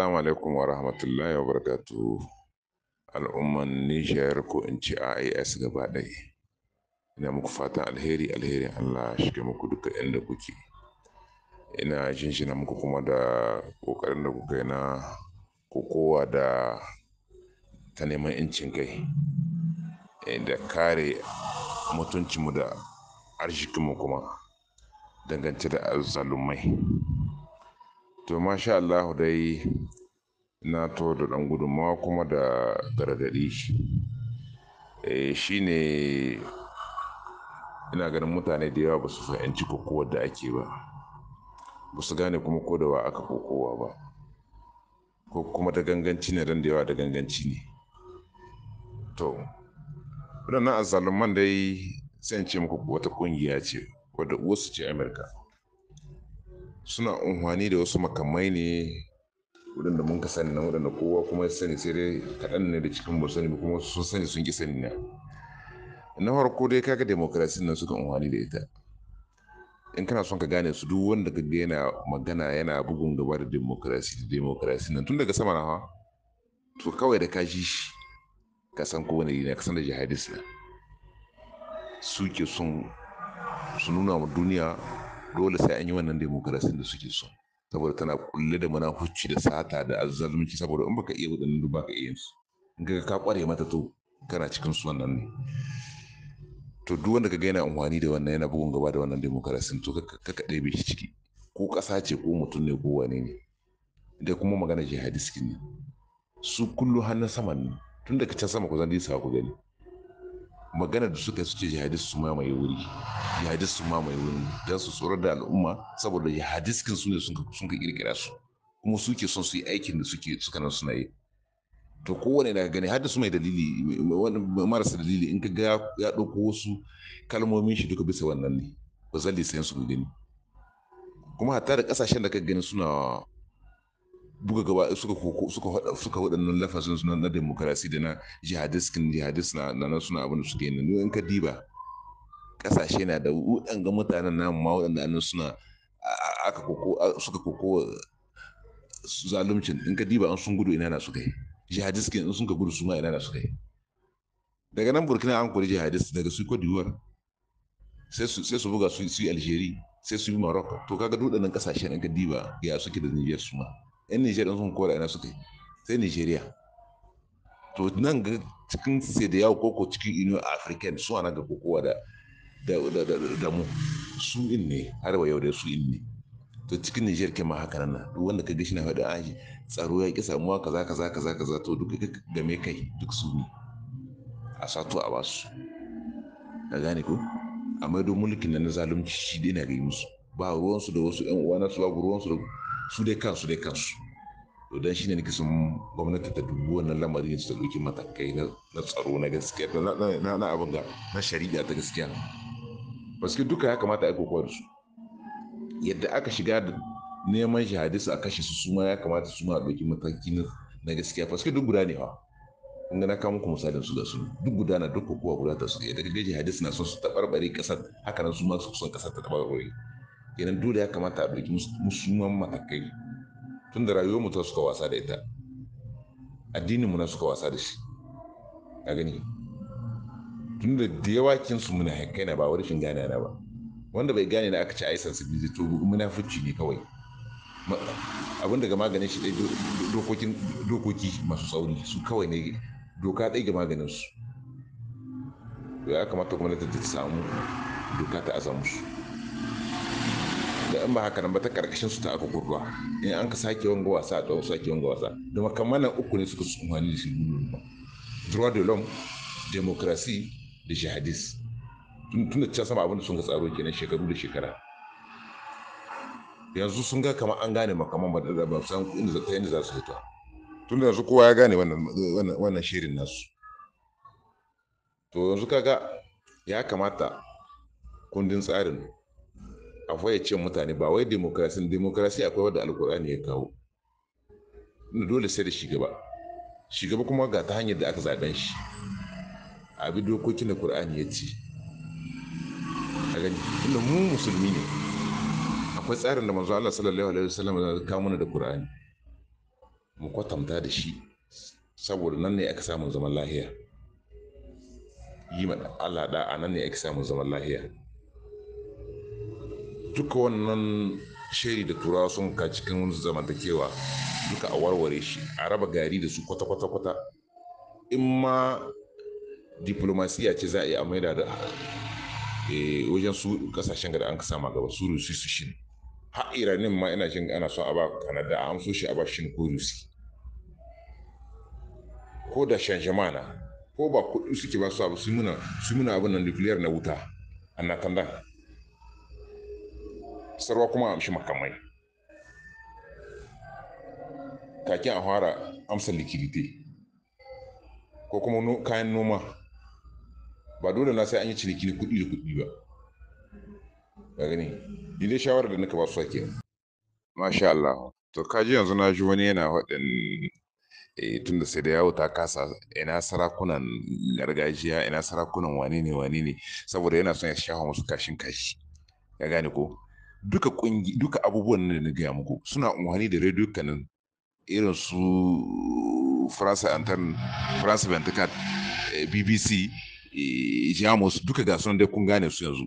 Assalamu alaikum wa rahmatullahi wa barakatu al'umman Nijar ko in ce AIS gaba ɗaya. Ina muku fatan alheri alheri Allah shiga muku duka inda kuke. Ina jinjina muku kuma da ƙoƙarin da kuka yi na kokowa da ta neman incin kai eh, da kare mutuncinmu da arzikinmu kuma dangance da azzalumai. to masha Allahu dai na to da ɗan gudunmawa kuma da gargadi eh, shi ne ina ganin mutane da yawa ba su fahimci kokowar da ake ba ba su gane kuma ko da aka kokowa ba ko kuma da ganganci ne don da yawa da ganganci ne to waɗannan azzaluman dai sai in ce muku wata ƙungiya ce wadda wasu ce amurka suna unhwani da wasu makamai ne waɗanda mun ka sani na waɗanda kowa kuma ya sani sai dai kaɗan ne da cikin ba sani kuma sun sani sun ki sani na na farko dai kaga demokrasi nan suka unhwani da ita in kana son ka gane su duk wanda ka yana magana yana bugun gaba da demokrasi da demokrasi nan tun daga sama na ha to kawai da ka ji shi ka san kowane ne ka san da jihadis na suke son su nuna wa duniya dole sai an yi wannan demokarasin da suke so saboda tana kulle da mana hucci da sata da azalunci saboda in baka iya wadannan duk baka iya su in ka ka kware mata to kana cikin su wannan ne to duk wanda ka yana amfani da wannan yana bugun gaba da wannan demokarasin to ka ka ɗebe shi ciki ko ƙasa ce ko mutum ne ko wane ne da kuma magana jihadist ne su kullu hannun saman ne tun daga can sama ku zan yi ku gani magana da suka su ce jihadis su mamaye wuri jihadis su mamaye wuri don su tsorar da al'umma saboda jihadiskin su ne sun ka kirkira su kuma suke son su yi aikin da suke suka nan suna yi to kowane daga gani hadda su mai dalili marasa dalili in ka ga ya ɗauko wasu kalmomin shi duka bisa wannan ne ba zalli sayan su gani kuma hatta da kasashen da ka gani suna buga gaba suka suka suka waɗannan lafazin suna na demokarasi da na jihadiskin jihadis na na suna abin suke yi ne in ka diba kasashe na da waɗanga mutanen nan ma waɗanda annan suna aka koko suka koko zaluncin in ka diba an sun gudu ina na suka yi jihadiskin in sun ka gudu su ma ina na suka yi daga nan burkina an kori jihadist daga su cote war sai su buga su yi algeria sai su yi morocco to kaga waɗannan kasashe in ka diba ya suke da niyyar su ma 'yan Nijar ɗin sun kora ina suka yi sai Nijeriya. To nan ga cikin Sediyawo koko cikin Union African su ana ga kokowa da da mu su in ne wa yau da su in ne. To cikin Nijar ke ma haka nan duk wanda ka ga shi na faɗa an tsaro ya ƙi samuwa kaza kaza kaza kaza to duk ka game kai duk su ne. A sato a basu. Ka gane ko? Amma don mulkin na na zalunci shi dai na ga yi musu. Ba ruwansu da wasu 'yan uwa na su ba ruwansu da su dai kansu dai kansu to dan shine nake son gwamnati ta dubi wannan lamarin su dauki matakai na tsaro na gaskiya na na abin ga na shari'a ta gaskiya baske duka ya kamata a kokowa da su yadda aka shiga neman shahadisu a kashe su suma ya kamata su ma a dauki mataki na gaskiya baske duk guda ne wa in ga na kawo muku misalin su da su duk guda na duk kokowa guda ta su yadda gaji hadis na son su tabarbare kasar haka nan su ma su son kasar ta tabarbare kenan dole ya kamata a ɗauki musulman matakai tun da rayuwar mutum suka wasa da ita addinin mu na suka wasa da shi a gani tun da da yawa kinsu muna haikai na ba wani shin gane na ba wanda bai gane na aka ci a yi bizi to munafici ne kawai abin daga maganin shi ɗai dokoki masu tsauri su kawai ne doka ɗai ga maganin su ya kamata gwamnati ta samu doka ta aza in ba haka nan ba ta karkashin su ta aka gurwa in an ka sake wanga wasa a tsawon sake wanga wasa da makamanan uku ne suka su da shi droit de l'homme demokrasi da jihadis tun da can sama abinda sun ga tsaro kenan shekaru da shekara yanzu sun ga kamar an gane makaman ba ba san inda ta yadda za su fita tun da yanzu kowa ya gane wannan shirin nasu to yanzu kaga ya kamata kundin tsarin a fayyace mutane ba wai demokrasi demokrasi akwai wadda alkur'ani ya kawo dole sai da shugaba shugaba kuma ga ta hanyar da aka zaben shi a bi dokokin da qur'ani ya ci a gani inda mu musulmi ne akwai tsarin da manzo Allah sallallahu alaihi wasallam ya kawo mana da qur'ani mu kwatanta da shi saboda nan ne aka samu zaman lahiya yi mana Allah da a nan ne aka samu zaman lahiya duka wannan shiri da turawa sun ka cikin zamantakewa duka a warware shi a raba gari da su kwata-kwata-kwata in ma diplomasiya ce za a yi a maida da eh, wajen su kasashen da an ka sama gaba su rusi su ne har iranin ma ina jin ana so a ba kanada a amso shi a ba shin ko rusi ko da shanjamana ko ba kuɗi suke ba su abu muna abin nan nukiliyar na wuta a natandan sarwa kuma amshi makamai kakin a fara amsa likidite ko kuma kayan noma ba dole na sai an yi ciniki da kuɗi da kuɗi ba ga gani ni shawarar da nika ba su sake masha Allah to kaji yanzu na ji wani yana faɗin eh, tun da sai da yawo ta kasa ina sarakunan gargajiya ina sarakunan wane ne wane ne saboda yana son ya shafa musu kashin kashi ya gane ko duka kungi duka abubuwan da na gaya muku suna unhani da radio kanin irin su faransa antan faransa bantakat bbc jamus duka ga sunan dai kun gane su yanzu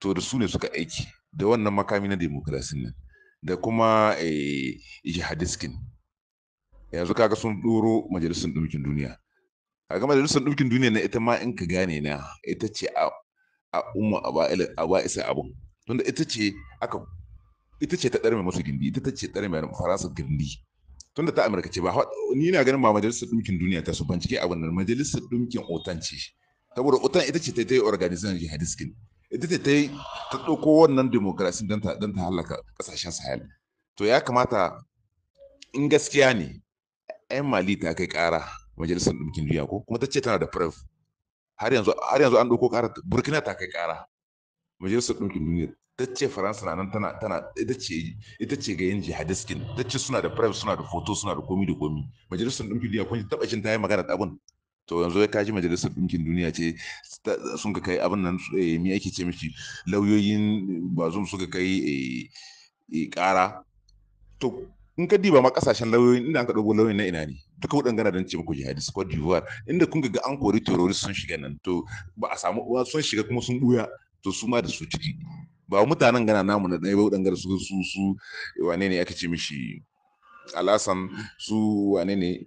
to da su ne suka aiki da wannan makami na demokrasi nan da kuma eh, jihadiskin yanzu kaga sun ɗoro majalisar ɗaukin duniya a ga majalisar ɗaukin duniya na ita ma in ka gane na ita ce a umma a ba isa abun tunda ita ce aka ita ce ta ɗarme masu gindi ita ce ɗarme faransa gindi tunda ta amurka ce ba ni na ganin ba majalisar dumkin duniya ta su bincike a wannan majalisar dumkin otan ce saboda otan ita ce ta yi jihadist jihadiskin ita ce ta yi ta ɗauko wannan demokarasi don ta don ta halaka ƙasashen sahel to ya kamata in gaskiya ne yan mali ta kai ƙara majalisar dumkin duniya ko kuma ta ce tana da pref har yanzu har yanzu an ɗauko ƙara burkina ta kai ƙara majalisar ɗinkin duniya ta ce faransa na nan tana tana ita ce ita ce ga yin jihadiskin ta ce suna da prep suna da foto suna da komi da komi majalisar ɗinkin duniya kun taɓa jin ta yi magana da abun to yanzu ya kaji majalisar ɗinkin duniya ce sun ka kai abin nan eh, me ake ce mishi lauyoyin bazum suka kai eh, eh, ƙara to in ka diba ma kasashen lauyoyin inda aka ɗago lauyoyin na ina ne duka wadan gana don ce muku jihadis ko d'Ivoire inda kun ga an kori terrorist sun shiga nan to ba a samu sun shiga kuma sun buya to su ma da su ciki ba mutanen gana namu na ɗaya ba waɗanda su su su wane ne aka ce mishi alasan su wane ne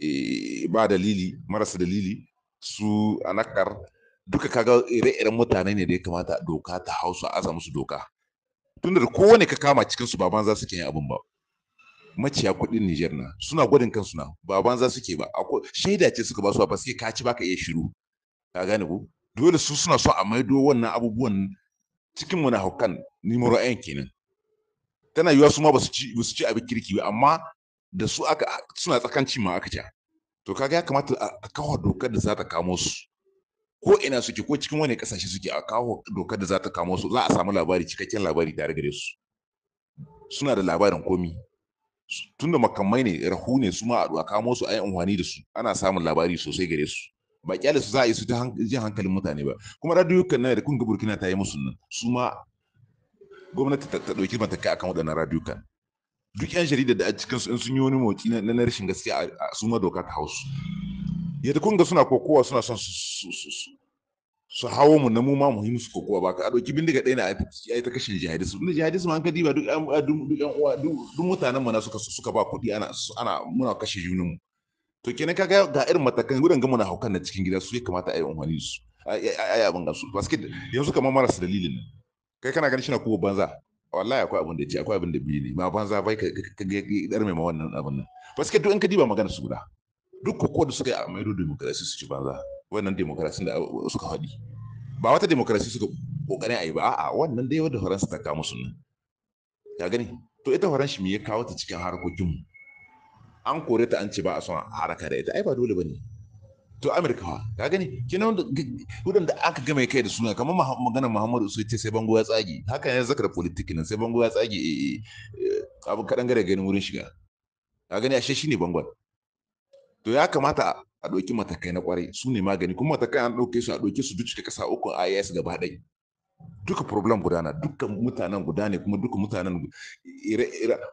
eh, ba dalili marasa dalili su anakar duka kaga ire-iren mutane ne da ya kamata doka ta su aza musu doka tunda da kowane ka kama cikin su baban za su ke abin ba maciya kuɗin Nijar na suna gwadin kansu na baban za su ke ba shaida ce suka ba su ba ka ci baka iya shiru ka gane ku dole su suna so a maido wannan abubuwan cikin wani haukan nemo kenan tana yiwuwa su ma ba su ci abin kirki ba amma da su aka suna tsakanci ma aka ja to kaga ya kamata a kawo dokar da za ta kamo su ko ina suke ko cikin wani kasashe suke a kawo dokar da za ta kamo su za a samu labari cikakken labari tare gare su suna da labarin komi tunda makamai ne rahu ne su ma a kamo su a yi amfani da su ana samun labari sosai gare su ba kyale su za a yi su ta jin hankalin mutane ba kuma kan na, da kunga burkina ta yi musu nan su ma gwamnati ta ɗauki kai akan waɗannan kan duk yan jarida da a cikin su in sun yi wani motsi na rashin gaskiya su ma doka ta hausu yadda kunga suna kokowa suna son su su hawo mu na mu ma muhimmi su kokowa ba ka a ɗauki bindiga ɗaya na a yi ta kashe jihadis da jihadis ma an ka diba duk yan uwa duk mutanen mu na suka suka ba kuɗi ana ana muna kashe junin mu to kenan kaga ga irin matakan gudun gama na haukan na cikin gida su ya kamata a yi umarni su a yi abin gasu basket yanzu kamar marasa dalilin nan kai kana ganin shina kuwa banza wallahi akwai abin da ce akwai abin da biyu ne ma banza bai ka dar mai ma wannan abin nan basket duk in ka diba magana su guda duk kokowa da suka yi a maido demokarasi su ci banza wannan demokarasi da suka faɗi ba wata demokarasi suka kokarin a yi ba a'a wannan dai wadda faransa ta kawo musu nan ka gani to ita faransa me ya kawo ta cikin mu an kore ta an ce ba a son a haraka da ita ai ba dole ba ne to amurkawa ka gani kinan hudun da aka gama kai da suna kamar maganar muhammadu usu ce sai bango ya tsage haka ne zakar politiki nan sai bango ya tsage eh, eh, eh, abu kaɗan gare ganin wurin shiga ka gani ashe shine bangon to ya kamata a ɗauki matakai na kwarai su ne magani kuma matakai an ɗauke su a ɗauke su duk ƙasa uku a IS gaba ɗaya duka problem gudana dukkan mutanen guda ne kuma duka mutanen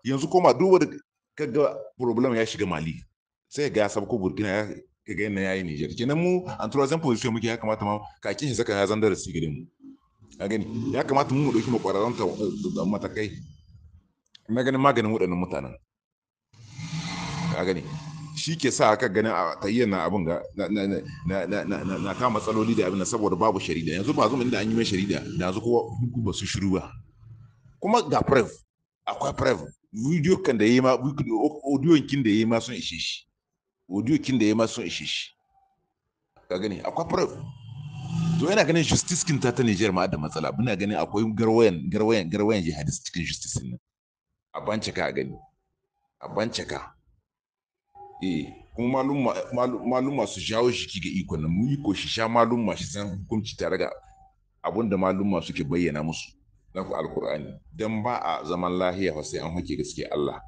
yanzu koma duk kaga problem ya shiga mali sai ga sabu ko burkina ya kaga yana yayi niger kenan mu an tura zan position muke ya kamata ma ka kin shi saka ya zan darasi gare mu ka gani ya kamata mu mu dauki makwararan ta matakai na ganin maganin wadannan mutanen ka gani shi ke sa aka gani a tayyar na abin ga na kama matsaloli da abin na saboda babu sharida yanzu ba zuwa inda an yi mai sharida da yanzu kuma ba su shiru ba kuma ga prev akwai prev video kan da yayi ma audio kin da yayi ma sun ishe shi audio kin da yayi ma sun ishe shi ka gani akwai proof to yana ganin justice kin ta ta Niger ma da matsala muna ganin akwai garwayan garwayan garwayan jihadist cikin justice din a bancaka ka gani a ka eh kuma malum su jawo shi ga iko nan mu iko shi sha malumma shi san hukunci tare ga abin da malumma suke bayyana musu na ku alkur'ani dan ba a zaman lahiya fa sai an hake gaske Allah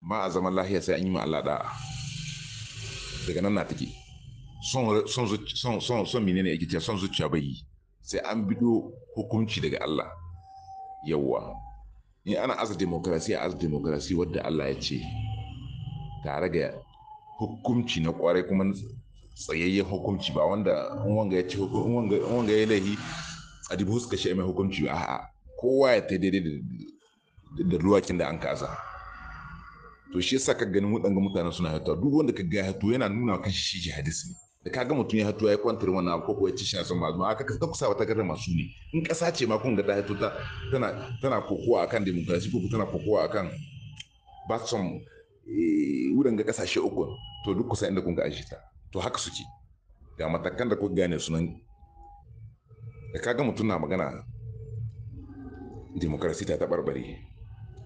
ba a zaman lahiya sai an yi ma Allah da'a daga nan na take son son son son menene yake son zuciya bai yi sai an bido hukunci daga Allah yawwa in ana aza demokrasiya aza demokrasiya wadda Allah ya ce tare ga hukunci na kwarai kuma tsayayyen hukunci ba wanda wanga ya ce wanga ya lahi a dubu suka shi mai hukunci ba a'a kowa ya ta daidai da ruwakin da an ka aza to shi yasa ka gani waɗanda mutane suna hatuwa duk wanda ka ga hatu yana nuna kan shi jihadis ne da ka ga mutum ya hatu ya kwantar wannan ko ko ya ci shan sama ma aka ka kusa wata garin masu ne in ƙasa ce ma kun ga ta hatu tana tana kokowa akan demokrasi ko tana kokowa akan ba son eh, wurin ga kasashe uku to duk kusa inda kun ga ajita to haka suke ga matakan da kuka gane sunan da kaga mutum na magana demokrasi ta taɓarɓare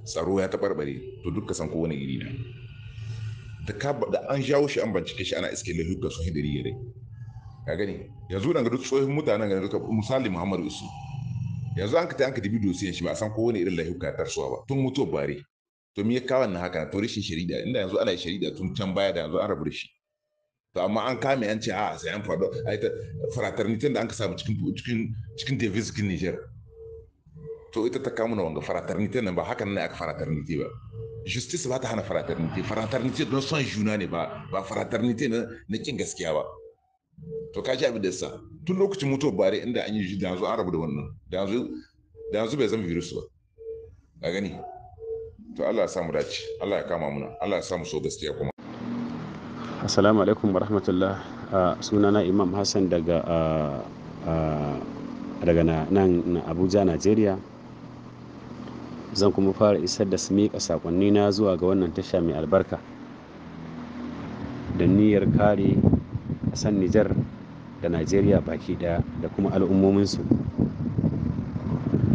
tsaro ya taɓarɓare to duk san kowane iri na da an jawo shi an bincike shi ana iske ga sun hidari ya rai ka gani yanzu ga duk tsohon mutanen ga duka misali muhammadu isu yanzu an ka ta an ka bidiyo dosiyan shi ba a san kowane irin laluka ta tarsuwa ba tun mutuwar bare to me ya kawo na haka to rashin shari'a inda yanzu ana shari'a tun can baya da yanzu an rabu da shi to amma an kame an ce a sai an faɗo a ita da an ka samu cikin cikin cikin davis cikin niger to ita ta kawo wanga fraternité nan ba hakan ne aka fraternité ba justice ba ta hana fraternité fraternité don son juna ne ba ba fraternité ne na kin gaskiya ba to ka ji abin da sa tun lokacin mutuwar bare inda an yi da yanzu an rabu da wannan da yanzu da yanzu bai zama virus ba ka gani to Allah ya samu dace Allah ya kama muna Allah ya samu so gaskiya kuma assalamu alaikum wa rahmatullah sunana imam hassan daga daga nan abuja nigeria zan kuma fara isar da su miƙa na zuwa ga wannan tasha mai albarka da niyyar kare ƙasar Nijar da Najeriya baki ɗaya da kuma al'ummominsu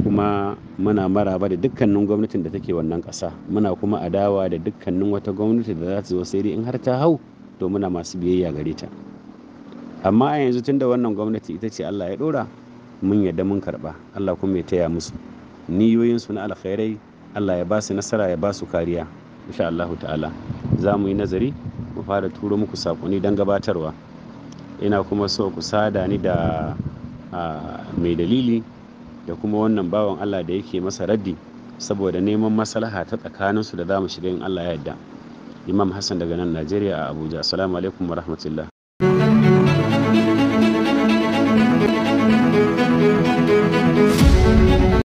kuma muna maraba da dukkanin gwamnatin da take wannan ƙasa muna kuma adawa da dukkanin wata gwamnati da za ta zo sai dai in har ta hau to muna masu biyayya gare ta amma a yanzu tunda wannan gwamnati ita ce Allah ya ɗora mun yadda mun karɓa Allah kuma ya taya musu niyoyinsu na alkhairai Allah ya ba su nasara ya ba su kariya insha Allah ta'ala za mu yi nazari mu fara turo muku sakonni don gabatarwa ina kuma so ku sada ni da mai dalili da kuma wannan bawan Allah da yake masa raddi saboda neman maslaha ta tsakaninsu da za mu shiga in Allah ya yadda. Imam Hassan daga nan Najeriya a Abuja assalamu alaikum wa rahmatullah